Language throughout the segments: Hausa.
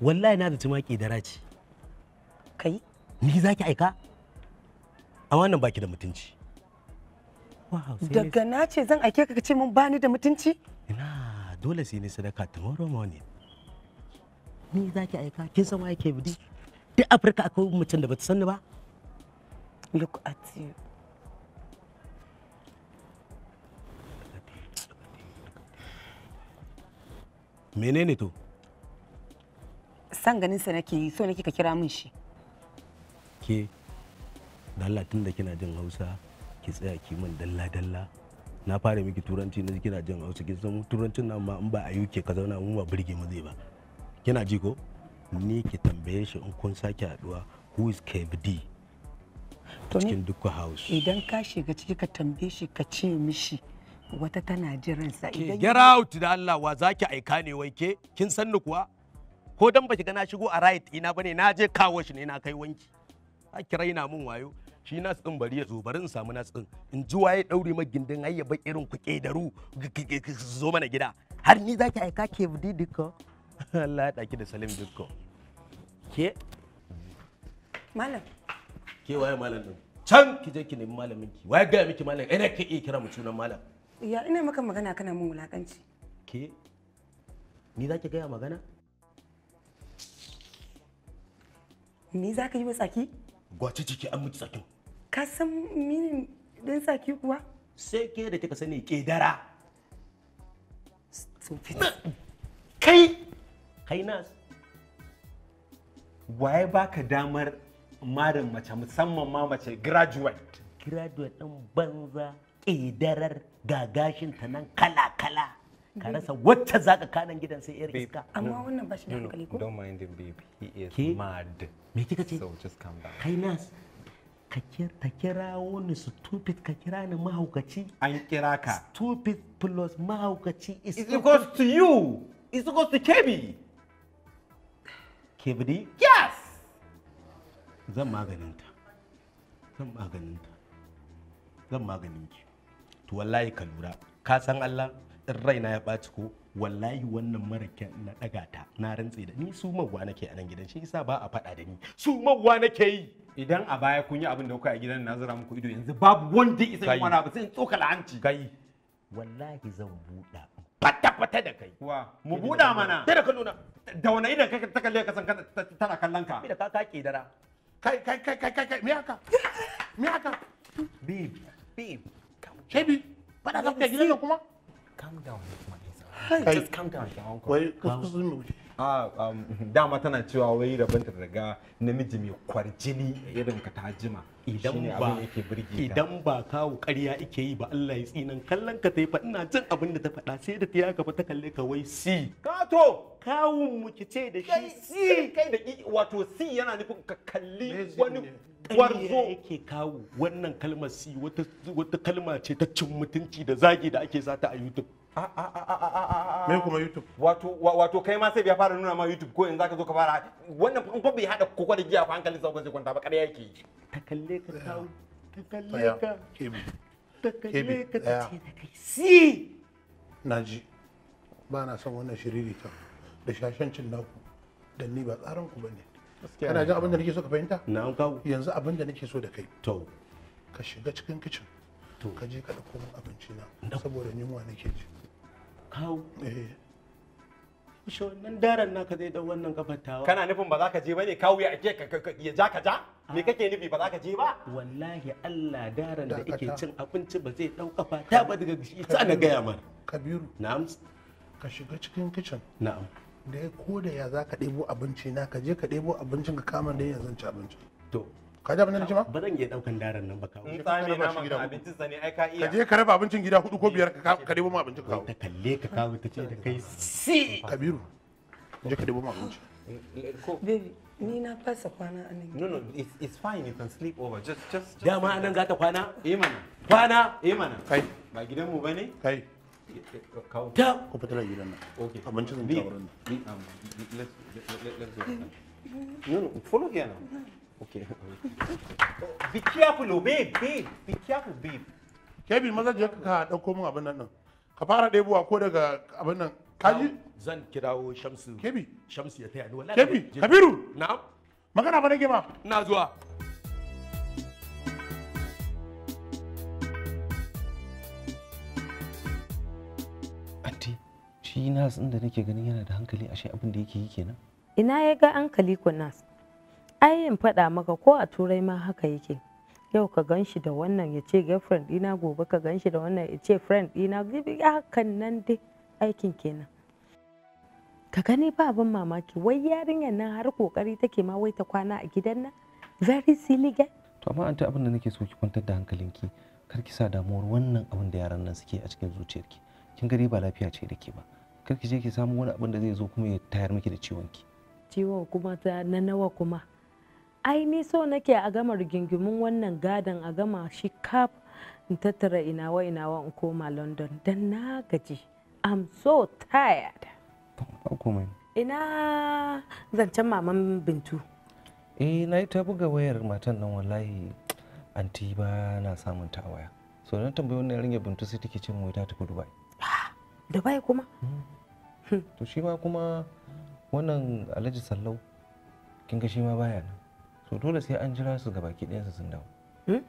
wallahi na da tumaki da raci kai ni za ki aika a wannan baki da mutunci daga na ce zan aike ka ce mun bani da mutunci ina dole sai ni sadaka tomorrow morning ni za ki aika kin san waye ke budi duk afirka akwai mutum da bata sani ba look at you menene to san ganin sa nake yi so nake ka kira min shi ke dalla tun da kina jin hausa ki tsaya ki min dalla dalla na fara miki turanci na kina jin hausa kin san turancin nan ma in ba a UK ka zauna mun ba burge mu zai ba kina ji ko ni ki tambaye shi in kun sake haduwa who is KBD cikin dukkan house idan ka shiga ciki ka tambaye shi ka ce mishi wata tana jiransa idan get out da Allah wa zaki aika ne wai ke kin san ni kuwa ko dan ba shiga na shigo a right ina bane na je kawo shi ne na kai wanki haki raina mun wayo shi na din bari ya zo bari in samu na tsin in ji waye daure ma gindin ai ya bar irin kuke da ru zo mana gida har ni zaki aika ke budi dukko Allah ya daki da Salim dukko ke malam ke waye malam din can ki je ki nemi malamin ki waye ga miki malam ina ka iya kira mu sunan malam ya ina maka magana kana mun wulakanci ke ni zaki ga magana me za ka yi wa tsaki? Gwace ciki an miki tsakin. Ka san minin dan tsaki kuwa? Sai ke da kika sani kedara. Kai! Kai na. Waye baka damar madan mace musamman ma mace graduate. Graduate ɗin banza ƙedarar gagashin ta nan kala-kala. ka rasa wacce za ka kanan gidan sai yar iska amma wannan ba shi da hankali ko don't mind him babe he is Ke? mad me kika ce so just calm down kai nas ka kira kira ni stupid ka kira ni mahaukaci an kira ka stupid plus mahaukaci is goes to you is goes to kebi kebi yes zan maganin ta, zan maganin ta, zan maganin ki to wallahi ka lura ka san Allah in raina ya ɓaci ko wallahi wannan mara na ɗaga ta na rantse da ni su mawa nake a nan gidan shi isa ba a faɗa da ni su mawa nake yi idan a baya kun yi abin da kuka a gidan na zira muku ido yanzu babu wanda isa yi wani ba sai in tsoka la'anci. kai wallahi zan buɗa fata-fata da kai mu buɗa mana sai da kallo da wani idan kai ta kalle ka san tana kallon ka da ka ka dara. kai kai kai kai kai kai me haka me haka babe babe shebi fada ka gidan kuma dama tana cewa wai rabin ta daga namiji mai kwarjini irin ka ta jima idan ba idan ba kawo ƙarya ike yi ba Allah ya tsinan kallon ka ta yi ina jin abin da ta faɗa sai da ta ya gaba ta kalle ka wai si kato kawun mu ki ce da shi si kai da wato si yana nufin ka kalli wani warzo yake kawo wannan kalmar si wata kalma ce ta cin mutunci da zagi da ake sata a YouTube Ah, ah, ah, me kuma youtube wato wato kai ma sai bai fara nuna ma youtube ko in zaka zo ka fara wannan in fa bai hada koko da giya fa hankalin sa ko zai ba ƙarya yake yi ta kalle ka kawo ta kalle ka kebi ta kalle ka ta ce da kai si naji ba na son wannan shiriri ta da shashancin naku da ni ba tsarin ku bane kana jin abin da nake so ka fahimta na'am kawo yanzu abin da nake so da kai to ka shiga cikin kicin ka je ka dauko min abinci na saboda yunwa nake ji kawo eh. shi wannan daren naka zai dau wannan kafar tawa kana nufin ba za ka je bane kawo ya ake ya ja ka ja ah. me kake nufi ba za ka je ba wallahi Allah daren da yake cin abinci ba zai dau kafa ta ba daga shi ta na gaya mana kabiru na'am ka shiga cikin kitchen na'am da ko da ya za ka ɗebo abinci na ka je ka ɗebo abincin ka kama da yanzu ci abinci to ka ji abin da nake ma ba zan iya daukan daren nan ba kawo in tsame na maka abincin sa ne ai ka iya ka je ka raba abincin gida hudu ko biyar ka debo mu abincin kawo ta kalle ka kawo ta ce da kai si kabiru je ka debo mu abincin ni na fasa kwana a nan no no it's, it's fine you can sleep over just just, just dama a nan kwana eh mana kwana eh mana kai ba gidan mu bane kai ta ku fita daga gidan nan okay abincin zan ta wurin nan let's um, let's go no no follow here now Okay. be careful, oh, babe, babe. Be careful, babe. Kevin, maza je ka dauko min abin nan din. Ka fara ɗebowa ko daga abin nan. Kaji? Zan kirawo Shamsu. Kebi. Shamsu ya taya ni wallahi. Kebi, Kabiru. Na'am. Magana ba nake ma. Ina zuwa. Anti, shi nas din da nake ganin yana da hankali ashe abin da yake yi kenan. Ina ya ga hankali ko nas? ai in faɗa maka ko a turai ma haka yake yau ka gan shi da wannan ya ce girlfriend ɗina gobe ka gan da wannan ya ce friend ɗina hakan nan dai aikin kenan ka gani ba abin mamaki wai yarinyar nan har kokari take ma wai ta kwana a gidan nan very silly girl to amma an ta abin da nake so ki kwantar da hankalinki kar ki sa damuwar wannan abin da yaran nan suke a cikin zuciyarki kin gari ba lafiya ce da ke ba kar ki je ki samu wani abin da zai zo kuma ya tayar miki da ciwon ki ciwon kuma ta na nawa kuma ai ni so nake a gama rigingimin wannan gadon a gama shi kaf in tattara inawa inawa in koma london don na gaji i'm so tired ina zancen maman bintu eh na yi ta buga wayar matan nan wallahi anti ba na samun ta waya so na tambayi wannan ringe bintu sai take ce wuta ta tafi dubai dubai kuma hmm. Hmm. to shi ma kuma wannan alhaji sallau kin ga shi ma baya nan to dole sai an jira su ga baki su sun dawo hmm?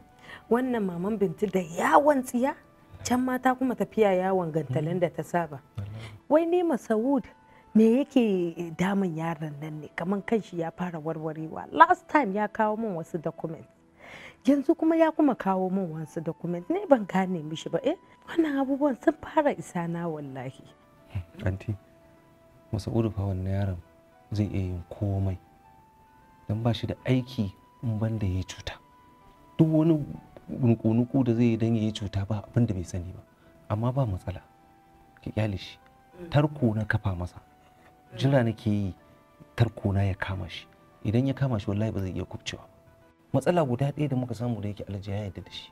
wannan maman bintu da yawon tsiya can mata kuma tafiya yawon gantalin da ta saba wai ne masaud me yake damun yaron nan ne kamar kan shi ya fara warwarewa last time ya kawo min wasu document yanzu kuma ya kuma kawo min wasu document ne ban gane mishi ba eh wannan abubuwan sun fara isa na wallahi anti masaudu fa wannan yaron zai iya yin komai don ba shi da aiki in banda ya yi cuta duk wani nuku da zai yi don ya yi cuta ba abin da bai sani ba amma ba matsala ki kyale shi tarko na kafa masa jira nake yi tarko na ya kama shi idan ya kama shi wallahi ba zai iya kubcewa matsala guda ɗaya da muka samu da yake alhaji ya yarda da shi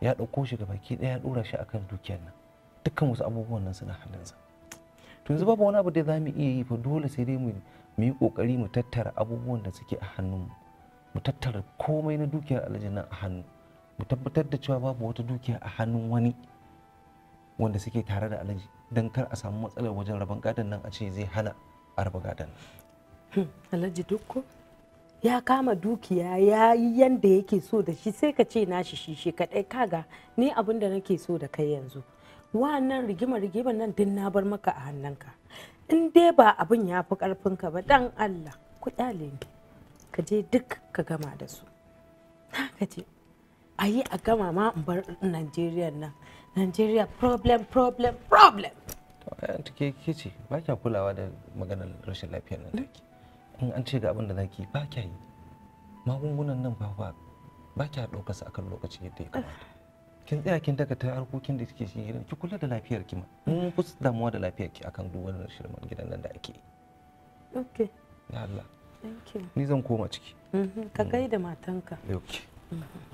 ya ɗauko shi gabaki ɗaya ya ɗora shi akan dukiyar nan dukkan wasu abubuwan nan suna sa. to yanzu babu wani abu da za mu iya yi fa dole sai dai mu yi kokari mu tattara abubuwan da suke a hannun mu tattara komai na dukiyar alhaji nan a hannu mu tabbatar da cewa babu wata dukiya a hannun wani wanda suke tare da alaji don kar a samu matsalar wajen rabon gadon nan a ce zai hana a raba gadon hmm, alhaji dukko ya kama dukiya ya yi yanda yake so da shi sai ka ce nashi shi shi kaɗai kaga ni abin da nake so da kai yanzu wannan rigima-rigima nan din na bar maka a hannunka in dai ba abin ya fi ka ba dan allah ku ɗale ni ka je duk ka gama da su ka je a yi a gama ma in bar nigeria nan nigeria problem problem problem to ke ke ce ba kya kulawa da maganar rashin lafiyar nan take in an ce ga abin da zaki ba kya yi magungunan nan ba ba kya ɗaukarsa akan lokaci yadda ya kamata kin tsaya kin daga ta harkokin da kike cikin gidan ki kula da lafiyar ki ma mun mm. ku damuwa da lafiyar ki akan duk wannan shirman gidan nan da ake okay ya Allah thank you ni zan koma ciki mm-hmm. ka kai mm. gaida matanka okay mm-hmm.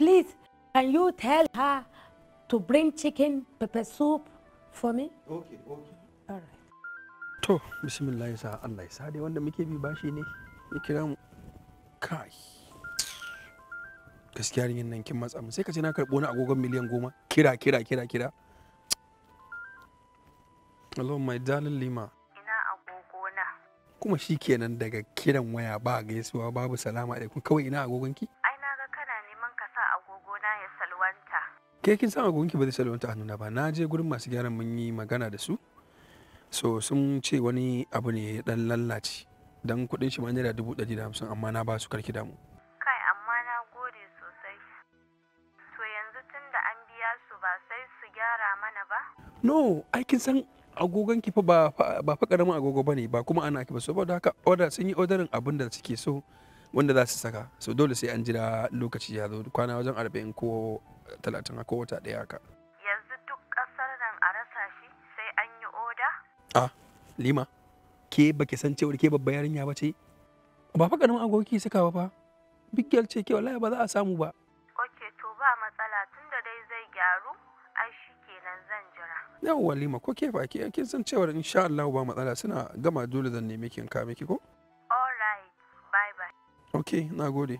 please can you tell her to bring chicken pepper soup for me okay okay all right to bismillah ya sa Allah ya sa dai wanda muke bi bashi ne ya kira mu kai gaskiyar yin nan kin matsa sai ka ce na karbo na agogon miliyan goma kira kira kira kira Hello my darling Lima ina agogo na kuma kenan daga kiran waya ba gaisuwa babu salama alaikum kawai ina agogon ki ai na ga kana neman ka sa agogo na ya salwanta ke kin san agogon ki ba zai salwanta a nuna ba na je gurin masu gyaran mun yi magana da su so sun ce wani abu ne dan lallace dan kudin shi ma naira dubu ɗari da hamsin amma na ba su karki damu no aikin san agogon kifa ba ba fa karamin agogo bane ba kuma ana kifa ba saboda haka order sun yi orderin abin da suke so wanda za su saka so dole sai an jira lokaci ya zo kwana wajen arba'in ko talatin ko wata daya haka yanzu duk kasar nan a rasa shi sai an yi oda ah lima ke baki san cewar ke babba yarinya ba ce ba fa karamin agogo ke sakawa ba fa ce ke wallahi ba za a samu ba yawon walima ko ke fa kin san cewar insha Allah ba matsala suna gama dole zan nemi kin ka miki ko okay na gode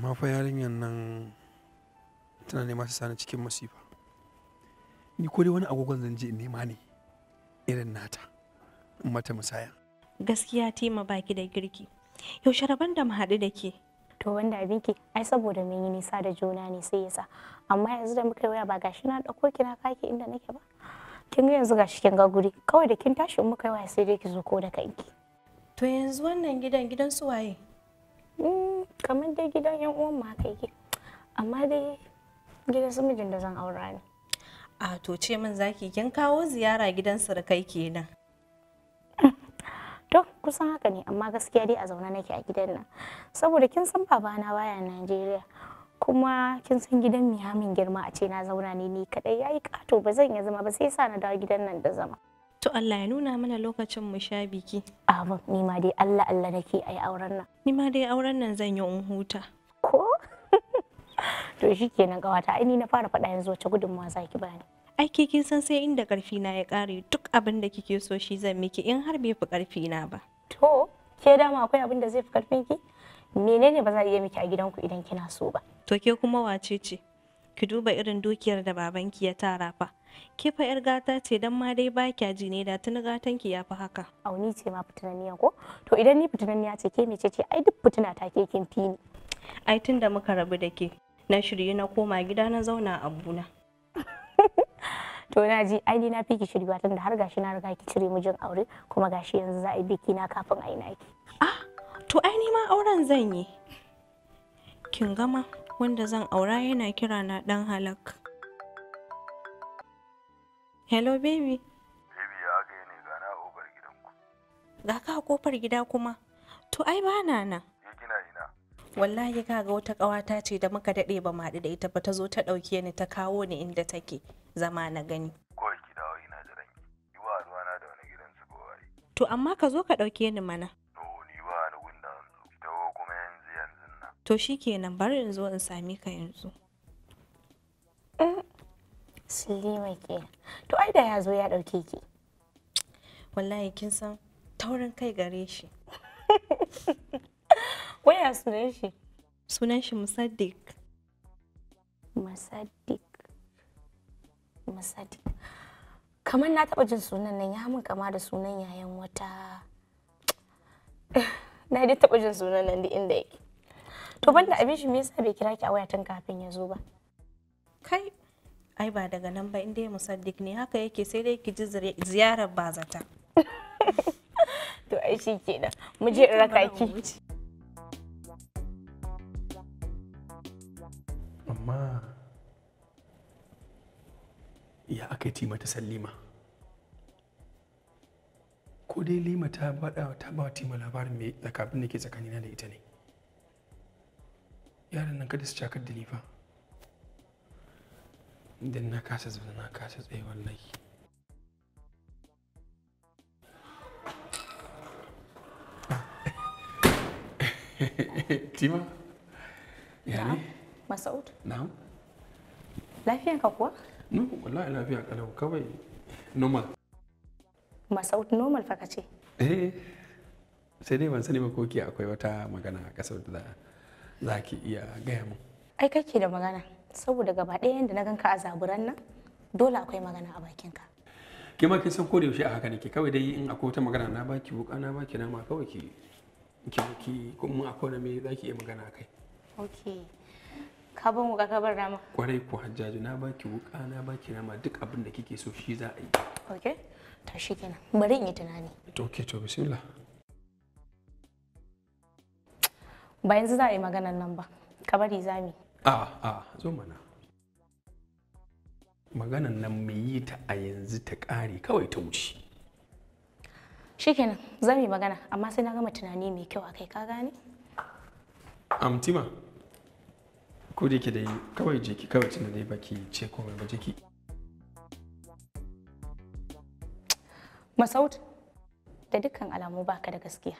Ma fa yarinyar nan tana nema ta sani cikin masifa ni ko dai wani agogon zan je in nema ne irin nata in mata musaya gaskiya tima baki da girki yaushe rabon da mu haɗu da ke to wanda abinki ai saboda mun yi nisa da juna ne sai yasa amma yanzu da muka yi waya ba gashi na dauko ki na kaki inda nake ba kin ga yanzu gashi kin ga guri kawai da kin tashi muka yi waya sai dai ki zo ko da kanki to yanzu wannan gidan gidan su waye mm, kamar dai gidan yan uwan ma haka yake amma dai gidan su mijin da zan aura ne a to ce min zaki kin kawo ziyara gidan kai kenan duk kusan haka ne amma gaskiya dai a zaune nake a gidan nan saboda kin san babana baya Najeriya kuma kin san gidan mi hamin girma a ce na zauna ne ni kadai yayi kato ba zan iya zama ba sai sa na dawo gidan nan da zama To Allah ya nuna mana lokacin mu sha biki. Amin, ni ma dai Allah Allah nake ai auren nan. Ni ma dai auren nan zan yi in huta. Ko? to shikenan kawata ai ni na fara faɗa yanzu wace gudunmawa zaki bani. aiki kin san sai inda karfi na ya kare duk abin da kike so shi zan miki in har bai fi karfi na ba to ke dama akwai abin da zai fi karfin ki menene ba za a iya miki a gidanku idan kina so ba to ke kuma wace ce ki duba irin dukiyar da babanki ya tara fa ke fa yar gata ce dan ma dai ba kya ji ne da tuni gatanki ya fi haka auni ce ma fitinaniya ko to idan ni fitinaniya ce ke mece ce ai duk fitina ta ke kin fini ai tun da muka rabu da ke na shirye na koma gida na zauna a abuna to na ji ai na fi ki shirya tun da har gashi na riga ki cire mijin aure kuma gashi yanzu za a yi biki na kafin a yi naki ah to ai ni ma auren zan yi kin gama wanda zan aura yana kira na dan halak hello baby baby ya ga ne ga na kofar gidanku ga ka kofar gida kuma to ai ba na na. kina ina wallahi kaga wata kawata ce da muka daɗe ba ma haɗu da ita ba ta zo ta ɗauke ni ta kawo ni inda take zama na gani kawai ki dawo ina da wani gidan su to amma ka zo ka ɗauke ni mana to ni ba ni gunda kuma yanzu yanzu nan to shikenan bari in zo in sami ka yanzu eh, Silima ke to ai da ya zo ya ɗauke ki wallahi kin san taurin kai gare shi waya sunan shi sunan shi musaddiq musaddiq Musadi. Kamar na taba jin sunan nan ya min kama da sunan yayan wata. Na dai taba jin sunan nan duk inda yake. To banda abin shi me yasa bai kira ki a waya tun kafin ya zo ba? Kai ai ba daga nan ba inda dai musaddik ne haka yake sai dai ki ji ziyarar bazata. to ai shi kenan mu je in raka ki. Amma ya aka yi mata sallima ko dai lima ta bada ta ba tima labarin mai lakabin da ke tsakanina da ita ne yaran nan kada su cakar da ni fa idan na kasa zaune na kasa tsaye wallahi Tima? Ya ne? Masaud? Na'am. Lafiyanka kuwa? no wallahi lafiya kalau kawai normal masau normal fa kace eh sai dai ban sani ba ko akwai wata magana a kasar da za ki iya gaya min ai kake da magana saboda gaba ɗaya yanda na ganka a zaburan nan dole akwai magana a bakinka ke ma kin san ko da yaushe a haka nake kawai dai in akwai wata magana na baki wuka na baki nama kawai ki ki ki kuma akwai na me zaki iya magana kai okay ka ban wuka ka ban rama kwarai ku hajjaju na baki wuka na baki rama duk abin da kike so shi za a yi okay to shikenan bari in yi tunani to okay to bismillah ba yanzu za a yi maganan nan ba ka bari za mu a a zo mana maganan nan mu yi ta a yanzu ta ƙare kawai ta wuce shikenan za mu yi magana amma sai na gama tunani mai kyau akai ka gane amtima ko da yake dai kawai jiki ki kawai dai baki ce komai ba jiki masaut da dukkan alamu baka da gaskiya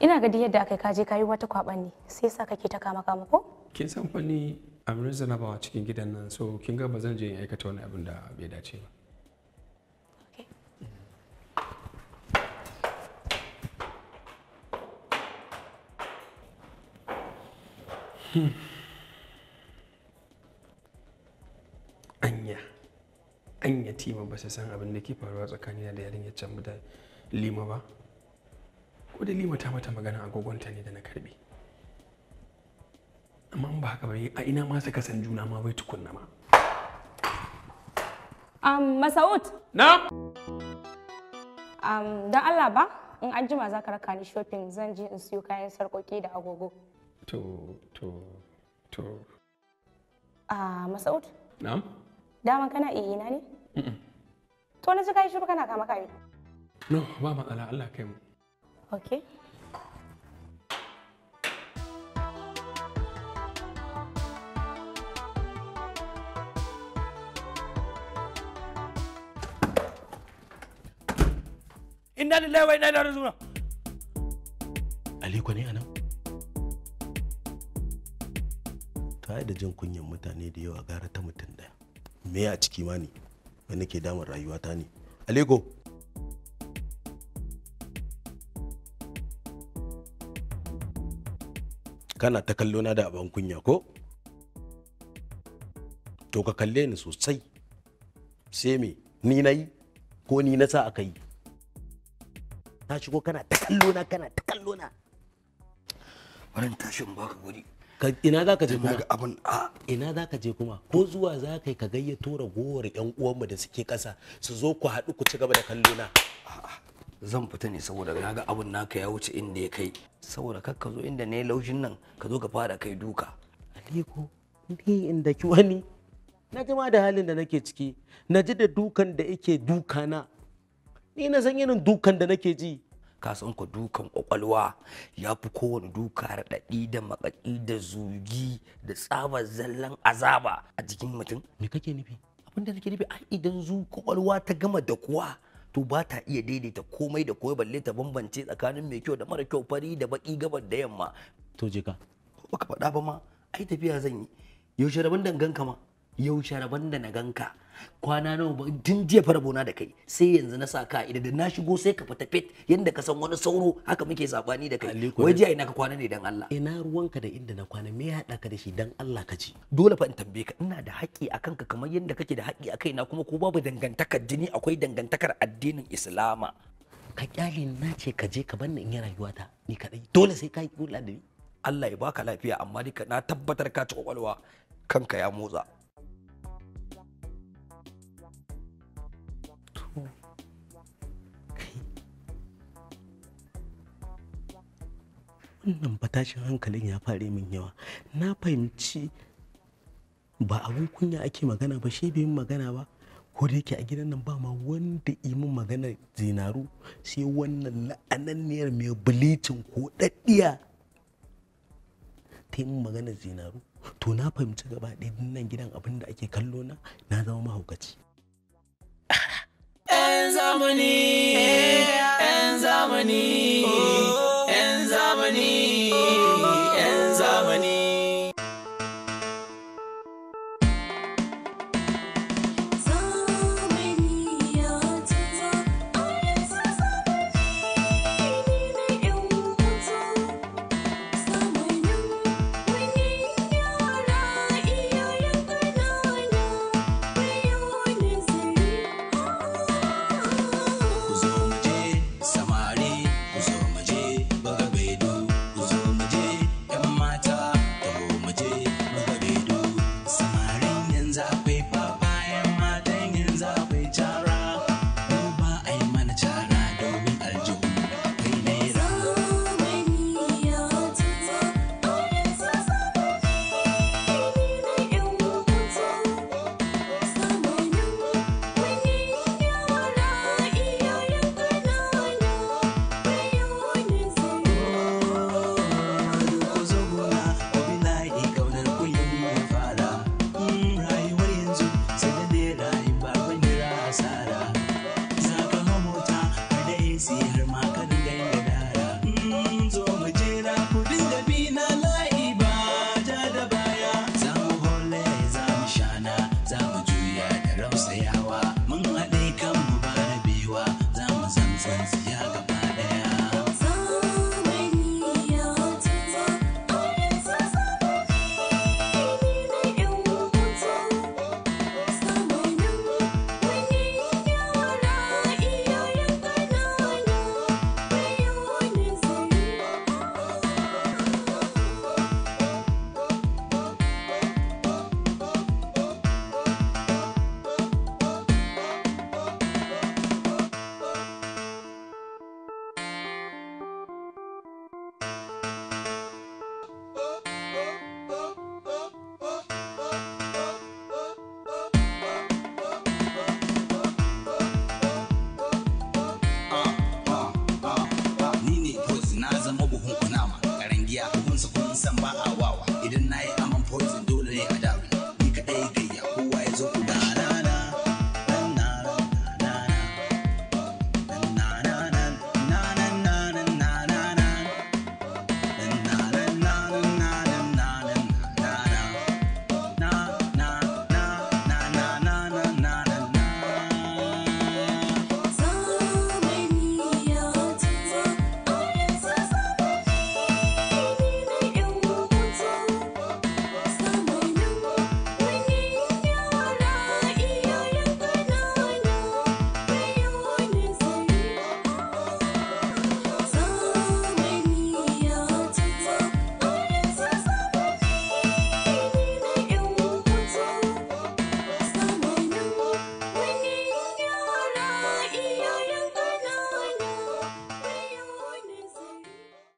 ina gadi yadda aka ka je kayi wata kwabanni sai yasa kake ta kama kama ko kin san fanni amrin zanabawa cikin gidan nan so kin ga ba zan je in aikata wani abin da bai dace ba anya anya tima ba su san abin da ke faruwa tsakanina da ya can da lima ba ko da lima ta mata magana agogonta ne da na karbe amma ba haka ba a ina ma suka san juna ma bai tukunna ma um, masaud na um, don allah ba in an jima za ka raka ni shopping zan je in siyo kayan sarkoki da agogo to to to a masaud na'am daman kana na ne to na ji kai shiru kana kama kai no ba matsala Allah kai mu okay inna lillahi wa inna ilaihi raji'un aliko ne anan kai da jin kunyan mutane da yawa gara ta mutum daya me a ciki ma ne me nake damar rayuwata ne alego kana ta kallo na da abin kunya ko to ka kalle ni sosai sai me ni na yi ko ni na sa aka yi ta shigo kana ta kallo na kana ta kallo na barin tashin baka guri ina za ka je kuma abin a ina za ka je kuma ko zuwa za ka yi ka gayyato ragowar yan uwanmu da suke kasa su zo ku haɗu ku ci gaba da kallo na zan fita ne saboda na ga abin naka ya wuce inda ya kai saboda kar ka zo inda ne laushin nan ka zo ka fara kai duka aliko ni inda ki wani na jima da halin da nake ciki na ji da dukan da yake duka na ni na san irin dukan da nake ji kasan ku dukan kwakwalwa ya fi kowane duka raɗaɗi da makaƙi da zugi da tsabar zallan azaba a jikin mutum me kake nufi abin da nake nufi ai idan zu kwakwalwa ta gama da kuwa to ba ta iya daidaita komai da komai balle ta bambance tsakanin mai kyau da mara kyau fari da baki gabar da yamma to je ka baka faɗa ba ma ai tafiya zan yi yaushe rabin da ganka ma yaushe rabin da na ganka kwana nawa ba tun jiya fara bona da kai sai yanzu na sa ka idan da na shigo sai ka fita fit yanda ka san wani sauro haka muke sabani da kai wai jiya ina ka kwana ne dan Allah ina ruwanka da inda na kwana me ya hada ka da shi dan Allah ka ji dole fa in tambaye ka ina da haƙi akan ka kamar yanda kake da haƙi akai na kuma ko babu dangantakar jini akwai dangantakar addinin Islama ka kyale na ce ka je ka bar ni in yi rayuwata ni kadai dole sai ka yi kula da ni Allah ya baka lafiya amma na tabbatar ka ci kwakwalwa kanka ya motsa wannan fatashin hankalin ya fare min yawa na fahimci ba abin kunya ake magana ba shi bai magana ba ko da yake a gidan nan ba ma wanda imin magana zinaru sai wannan la'ananniyar mai bilicin ko daddiya ta yi magana zinaru to na fahimci gaba ɗaya nan gidan abin da ake kallo na na zama mahaukaci yan zamani zamani journey.